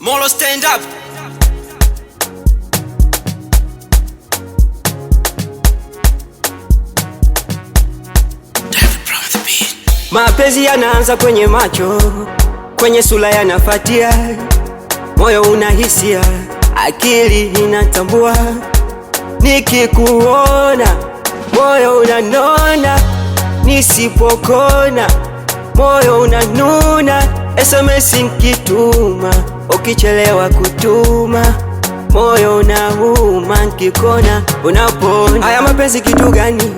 Molo stand up. Mapenzi yanaanza kwenye macho, kwenye sura yanafatia moyo unahisia, akili inatambua. Nikikuona moyo unanona, nisipokona moyo unanuna SMS nkituma, ukichelewa kutuma moyo unauma, nkikona unapona. Haya mapenzi kitu gani?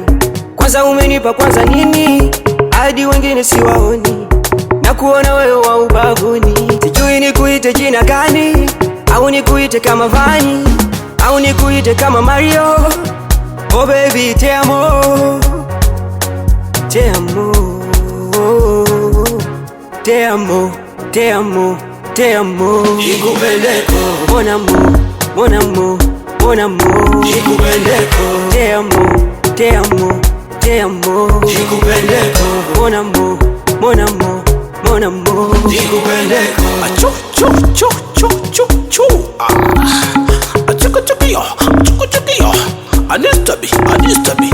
Kwanza umenipa kwanza nini, hadi wengine siwaoni na kuona wewe wa ubavuni. Sijui nikuite jina gani, au nikuite kama Vani au nikuite kama Mario. Oh baby, te amo, te amo te amo, te amo, te amo. Jikupendeko. Mon amour, mon amour, mon amour. Jikupendeko. Te amo, te amo, te amo. Jikupendeko. Mon amour, mon amour, mon amour. Jikupendeko. Achu, chu, chu, chu, chu, chu. Ah. Achuka chukiyo, achuka chukiyo. Anistabi, anistabi.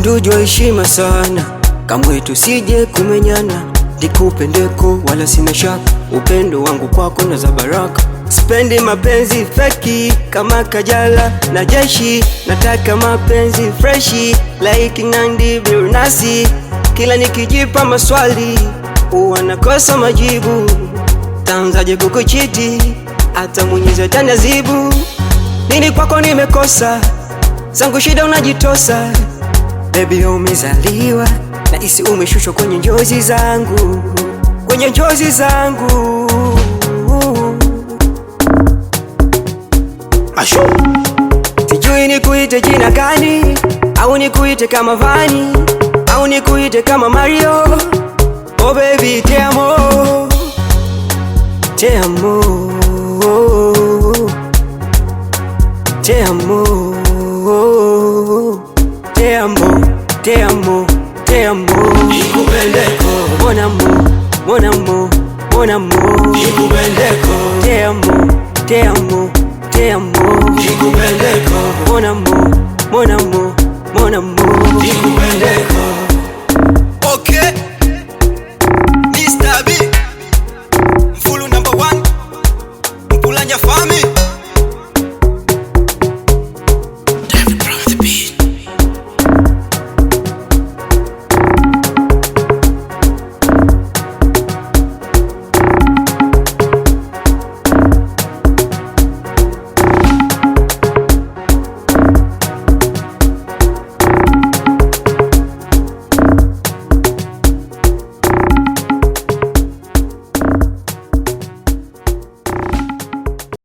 Ndujwa heshima sana, kamwe tusije kumenyana, ndikupendeko wala sina shaka, upendo wangu kwako na za baraka, sipendi mapenzi feki kama Kajala na Jeshi, nataka mapenzi freshi like Nandy Billnass. Kila nikijipa maswali huwa nakosa majibu, tanzaje kukuchiti hata Mwenyezi ataniadhibu. Nini kwako nimekosa, zangu shida unajitosa Baby umezaliwa na isi umeshushwa kwenye njozi zangu, kwenye njozi zangu Ashu. Sijui nikuite jina gani au nikuite kama Vani au nikuite kama Mario. Oh baby te amo, te amo, te amo Te amo, te amo. Mon amour, mon amour, mon amour. Te amo, te amo, te amo. Mon amour, mon amour, mon amour.